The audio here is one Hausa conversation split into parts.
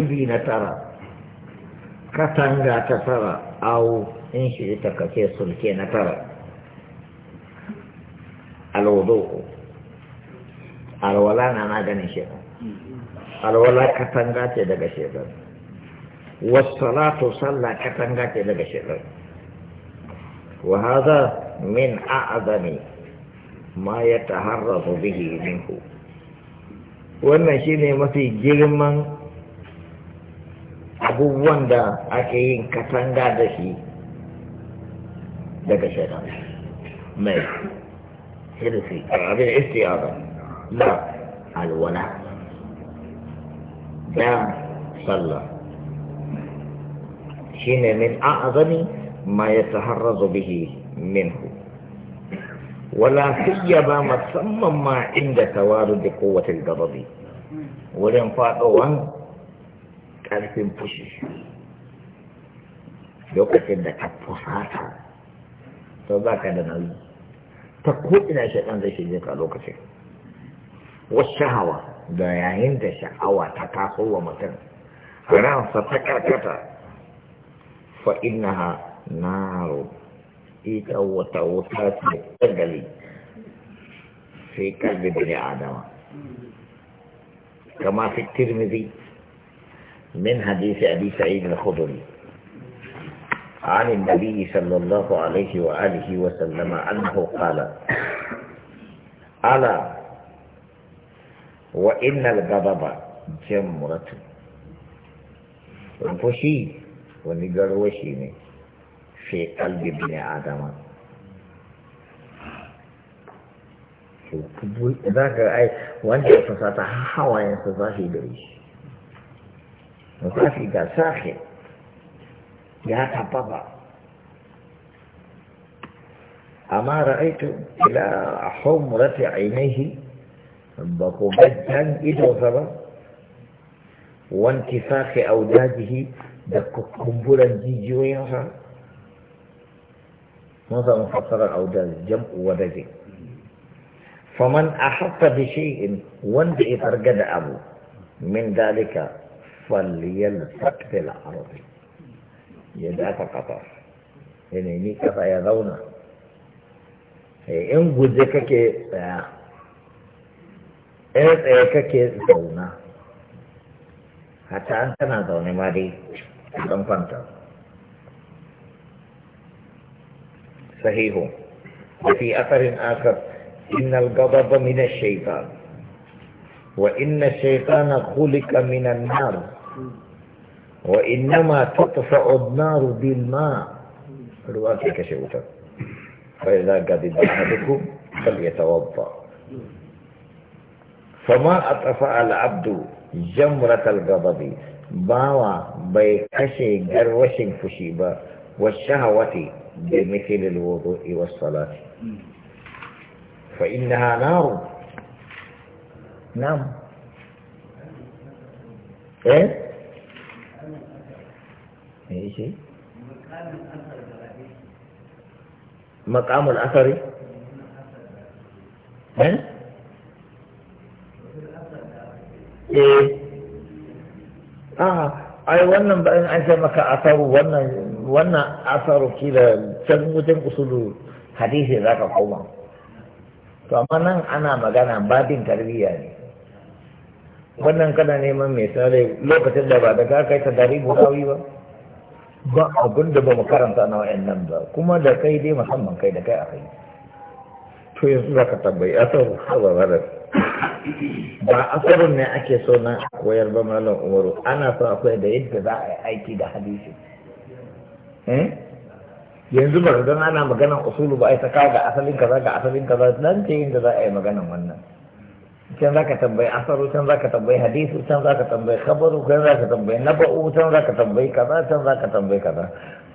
izi na tara katanga ta tara awo in shi ta kace sulke na tara alwudu alwala na maganin shekar alwala katanga ce daga shekar wasalatu sallah katanga ce daga shekar wa hadha min a'zami ma ya yataharrazu bihi minku wannan shine mafi girman abubuwan da ake yin katanga da shi daga shaidan mai hirfi abin istiyara da alwala da sallah ne min a'azami ma ya taharrazu bihi minhu wala ba musamman ma inda tawaru da kowace garabi wurin faɗowan ƙarfin fushi lokacin da ka fusata to za ka da nauyi ta ko'ina shaɗan zai shige ka lokacin wasu hawa da yayin da sha'awa ta taso wa mutum ransa ta karkata fa na naro ita wata wuta ce tagali sai kalbi ne adama kama fi tirmidhi من حديث أبي سعيد الخضري عن النبي صلى الله عليه وآله وسلم عنه قال ألا وإن الغضب جمرة الفشي ونقر وشيني في قلب ابن آدم ذاك أي وانت فساتا حوايا تظاهي بريش وفي ده ساخن يا حبابا أما رأيت إلى حمرة عينيه بقبدا إدو ثبا وانتفاخ أوداده دككمبولا جيجويها ماذا مفسر الأوداد جمع ودد فمن أحط بشيء وانت إترقد أبو من ذلك فليلفت في العربي يدعك قطر هنا نيكا كفا يذونا إن قدك كي إيه كي ذونا حتى أنت نذوني ما دي لم فانتا صحيح وفي أثر آخر إن الغضب من الشيطان وإن الشيطان خلق من النار وإنما تطفأ النار بالماء رواكي آه، كشوتا فإذا قد أحدكم فليتوضأ فما أطفأ العبد جمرة الغضب باوا بيكشي جروش فشيبا والشهوة بمثل الوضوء والصلاة فإنها نار نعم إيه me yace maqamul asari eh, eh. Ah, ai wannan bayan an ce maka asaru wannan wannan asaru kila can wajen usulu hadisi zaka koma to amma nan ana magana babin tarbiyya ne wannan kana neman mai misali lokacin da ba da ka kai ta dari ba ba abin da ba mu karanta na wa'yan nan ba kuma da kai dai musamman kai da kai a kai to yanzu za ka tambayi asar hazarar ba asarin ne ake so na koyar ba malam umaru ana so akwai da yadda za a yi aiki da hadisi eh? yanzu ba su ana maganan usulu ba a yi ta kawo ga asalin kaza ga asalin kaza nan ce yin da za a yi maganan wannan وكان ذاك تنبي أثر وكان ذاك تنبي حديث وكان ذاك تنبي خبر وكان ذاك تنبي نبأ وكان ذاك تنبي كذا وكان ذاك تنبي كذا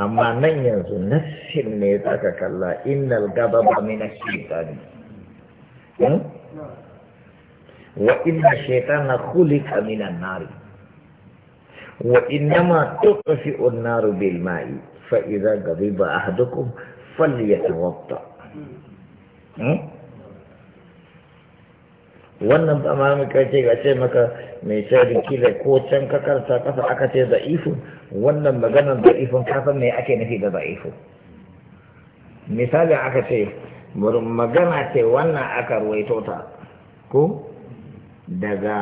أما من ينزل نفس الميتاك كلا إن الغضب من الشيطان وإن الشيطان خلق من النار وإنما تطفئ النار بالماء فإذا غضب أحدكم فليتوضأ wannan ba ma mu kai ga ce maka mai tsari kila ko can ka karta kasa aka ce da ifu wannan maganar da ifun kasan me ake nufi da za'ifu, misali aka ce magana ce wannan aka ruwaito ta ko daga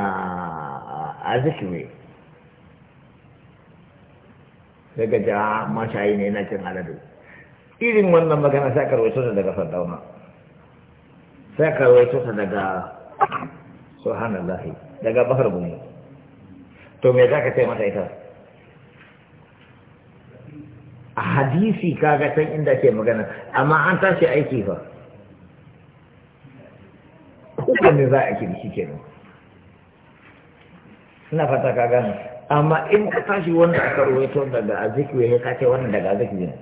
azikwe daga ja mashayi ne na cin aladu irin wannan magana sai aka ruwaito ta daga sardauna sai aka ruwaito ta daga subhanallah daga bahar gumu to me zaka ce mata ita a hadisi kaga san inda ke magana amma an tashi aiki fa ne za a kiri shi kenan ina fata ka gane amma in ka tashi wanda aka ruwaito daga azikwe ya kace wannan daga azikiwe ne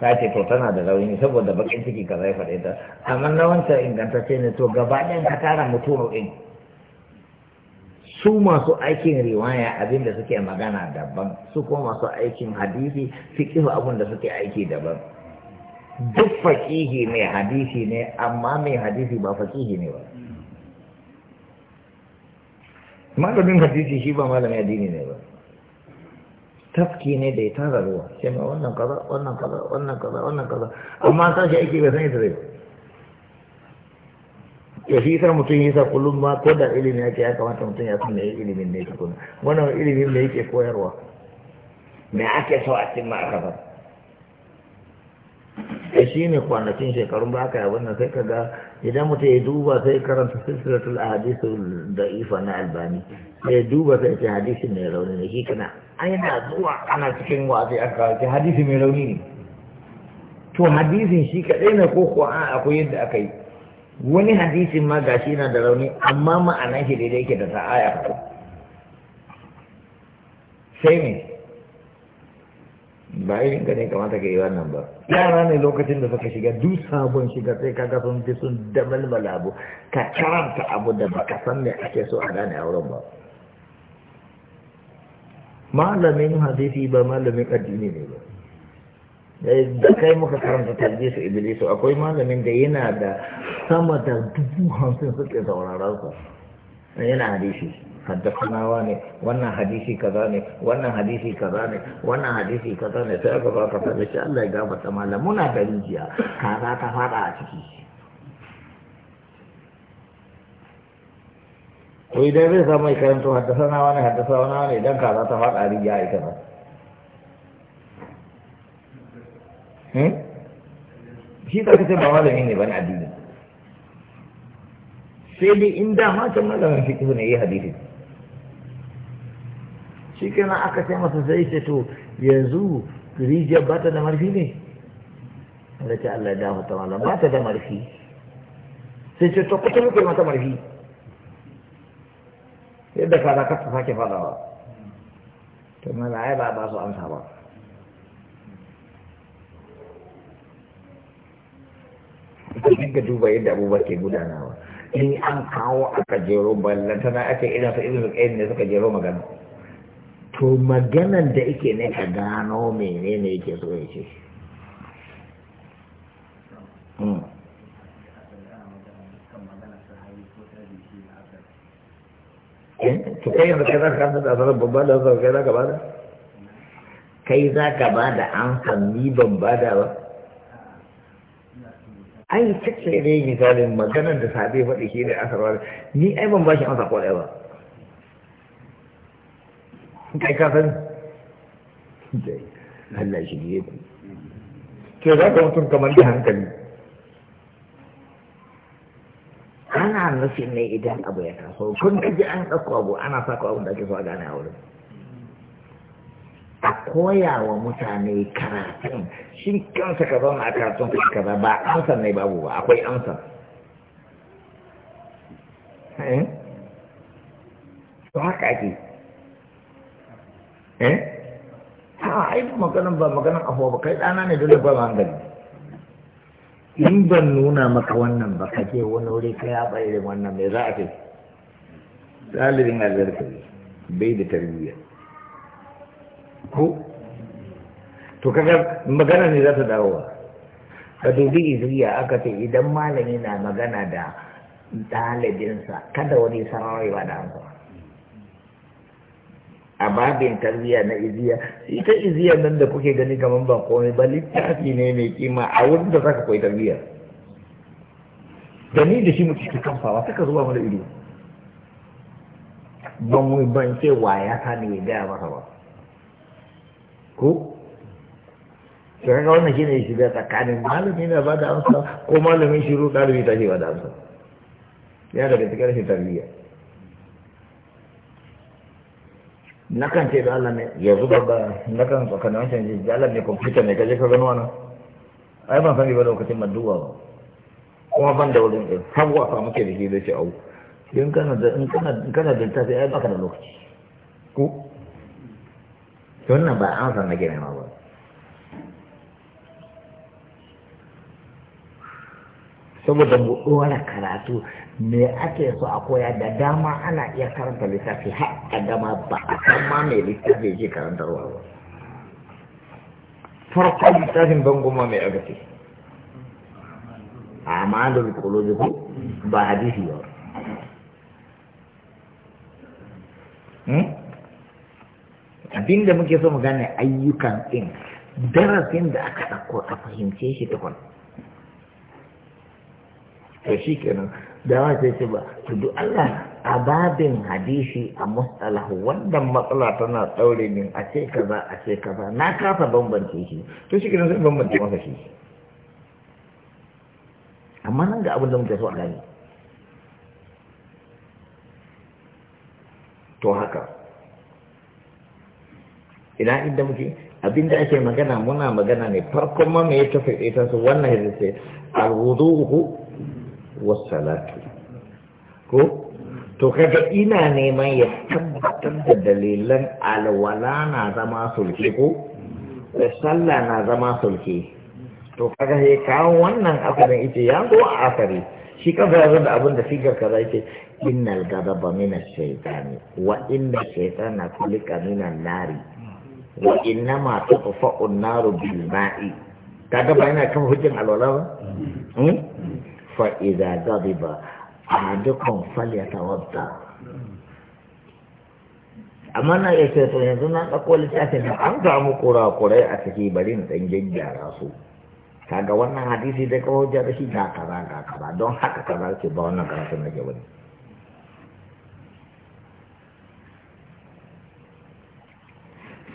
ta ce to tana da rauni saboda bakin ciki ka zai faɗe ta amma na wancan ce ne to gaba ɗayan ka tara mutum ɗin su masu aikin riwaya abin da suke magana daban su kuma masu aikin hadisi fiqh abin da suke aiki daban duk faƙihi mai hadisi ne amma mai hadisi ba faƙihi ne ba malamin hadisi shi ba malamin addini ne ba tafki ne da ya tara ruwa sai ma wannan kaza wannan kaza wannan kaza wannan kaza amma ta shi aiki bai san ita zai ya fi sa mutum yi sa kullum ma ko da ilimi yake ya kamata mutum ya san me ilimin ne tukuna wannan ilimin ne yake koyarwa me ake so a cikin a shi ne kwanakin shekarun ba aka yabon nan sai ka ga idan mutum ya duba sai karanta silsilatul ahadisu da ifa na albani ya duba sai ce hadisi mai rauni ne shi kana aina zuwa ana cikin wa'azi aka kawo hadisi mai rauni ne to hadisin shi kaɗai ne ko ko a akwai yadda aka yi wani hadisin ma gashi yana da rauni amma ma'anan shi daidai yake da ta aya sai ne ba ka ne kamata ka yi wannan ba yara ne lokacin da suka shiga duk sabon shiga sai ka ga sun fi sun abu ka karanta abu da ba ka san me ake so a gane auren ba malamin hadisi ba malamin addini ne ba eh, da kai muka karanta talbisu iblisu akwai malamin da yana da sama da dubu hamsin suke sauraron sa yana hadisi Haddasanawa ne wannan hadisi kaza ne wannan hadisi kaza ne wannan hadisi kaza ne sai aka baka ta shi Allah ya gafarta malam muna da rijiya kaza ta fada a ciki to idan zai samu karanto haddasanawa ne haddasanawa ne idan kaza ta fada a rijiya ita ba shi ta kace ba malami ne bane addini sai dai in ma can malamin fiqh ne yi hadisi shi kenan aka ce masa sai ce to yanzu rijiyar ba ta da marfi ne da ce Allah ya dafa ta malam ba ta da marfi sai ce to kuta kai mata marfi yadda ka ka ta sake fadawa to mana ai ba ba su amsa ba ita ka duba yadda abubuwa ke gudanawa in an kawo aka jero ballantana ake irin su irin su ne suka jero magana to maganan da yake ne ka gano menene yake so ya ce hmm. eh, to kai yanzu kai za ka kanta tsarar babba da wasu kai za ka bada kai za ka bada an sami ban bada ba ai cikin ne misalin maganar da sabe faɗi shi da asarwa ni ai ban ba shi an sako ɗaya ba kai ka san Allah shi ne ke za ka mutum kamar da hankali ana nufin ne idan abu ya taso kun ji an ɗauko abu ana sako abu da ake so a gane a wurin a koya wa mutane karatun shi kansa ka zauna a karatun ka kaza ba amsa ne babu ba akwai amsa eh? to haka ake eh ha ai maganan ba maganan afuwa ba kai ɗana ne dole ba hankali in ban nuna maka wannan ba ka je wani wuri ka ya irin wannan mai za a ce ɗalibin albarkari bai da tarbiyya ko to kaga magana ne za ta ba. ka dubi izriya aka ce idan malami na magana da dalibinsa, kada wani sararwa da amsa a babin tarbiyya na iziya ita iziya nan da kuke gani kamar ba komai ba littafi ne mai kima a wurin da zaka koyi tarbiyya da ni da shi muke ta kamfawa suka zuwa mana ido ban mu ban ce waya ta ne ya gaya masa ba ko to kaga wannan shine da tsakanin malami na ba da amsa ko malamin shiru ɗalibi ta shi ba da amsa ya daga cikin rashin tarbiyya na kan ce da Allah ne yanzu ba na kan tsakanin wancan ji da Allah ne kwamfuta ne kaje ka gano wannan ai ban sani ba lokacin maddu'a ba kuma ban da wurin ɗin har fa muke da shi zai shi au in kana da in kana in kana da tafi ai baka da lokaci ko to wannan ba an san nake nema ba saboda mu ɗora karatu me ake so a koya da dama ana iya karanta littafi har a dama ba a san ma mai littafi yake karantarwa ba farko littafin ban goma mai agaji. a ma'adar rikoloji ko ba hadisi ba hmm? abinda muke so mu gane ayyukan din darasin da aka ɗauko a fahimce shi tukun to shi kenan da ba sai ce ba to duk Allah a babin hadisi a mustalah wannan matsala tana daure min a ce kaza a ce kaza na kasa bambance shi to shi kiran sai bambance masa shi amma nan ga abin da muke so a gani to haka ina inda muke da ake magana muna magana ne farkon ma me ya tafi ita su wannan hadisi al-wudu'u wassalatu ko to kaga ina neman ya tabbatar da dalilan alwala na zama sulke ko sallah na zama sulke to kaga sai kawo wannan asalin ita ya zo a asari shi kafa yanzu da abin da sigar kaza yake innal gadaba min ash-shaytani wa inna shaytana kulika min an-nari wa inna ma an-naru bil ma'i kaga ba yana kafa hujjan alwala ba hmm? fa'iza gadiba a dukkan amma na iya ce to yanzu na ɗauko littafin da an samu kurakurai a ciki bari na ɗan gyaggyara su kaga wannan hadisi da kawo da shi ga kaza ga kaza don haka kaza ce ba wannan karatun da ke wani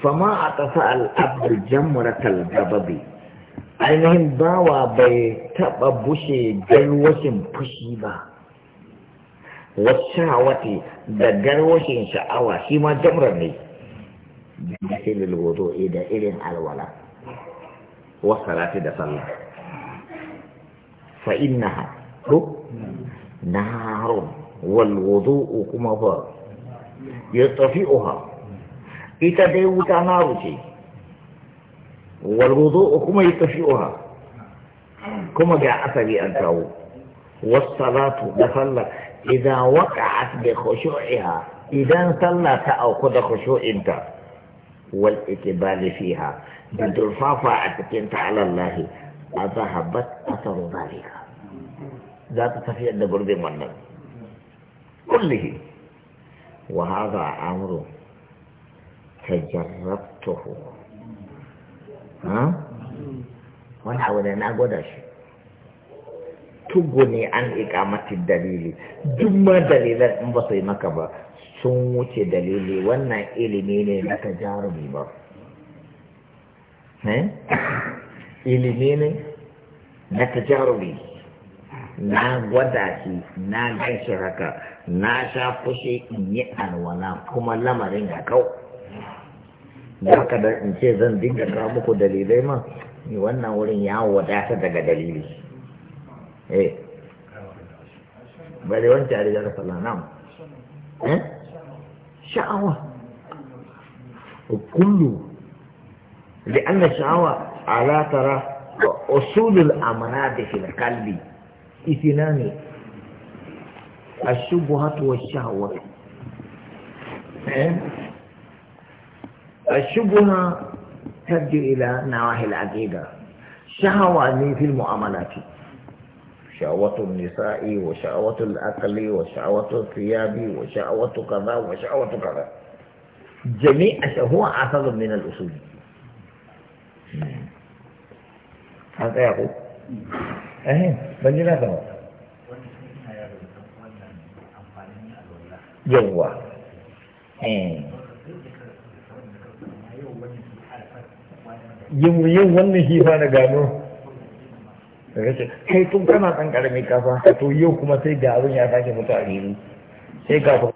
fama a ƙasa al'abdul jamuratal gababi ainihin bawa bai taɓa bushe garwashin fushi ba wacce wata da garwashin sha'awa shi ma jamra ne Da masilil wudu da irin alwala Wasu wasalati da sallah fa'in na haɗu na wal wudu kuma tafi yatafi'uha ita dai wuta na rute والوضوء كما يكشئها كما جاء أثري أنت والصلاة دخل إذا وقعت بخشوعها إذا صلت أو خشوع أنت والإقبال فيها بالدرفافة أتكنت على الله أذهبت أثر ذلك ذات تفي أن برد من كله وهذا أمر تجربته Hmm? wani abu ne na gwada shi tugu ne an ikamatin dalili duk ma dalilan in ba su yi maka ba sun wuce dalili wannan ilimi ne na jarumi ba hmm? ilimi ne na jarumi na gwada shi na gaishe haka na sha fushi in yi alwala kuma lamarin ya kau da haka da in ce zan dinga kawo muku dalilai ma ni wannan wurin ya wadata daga dalili eh bare wancan a rigar sallah nam eh sha'awa kullu لأن الشعوى على ترى أصول الأمراض في القلب اثنان الشبهة والشهوة الشبهة ترجع إلى نواحي العقيدة شهوة في المعاملات شهوة النساء وشهوة الأكل وشهوة الثياب وشهوة كذا وشهوة كذا جميع هو أصل من الأصول هذا يقول أهين بني لا تمر جوا أهين yin yin wannan shi fa na gano kai tun kana ɗan ƙarami kafa to yau kuma sai ga abin ya sake mutu a sai ka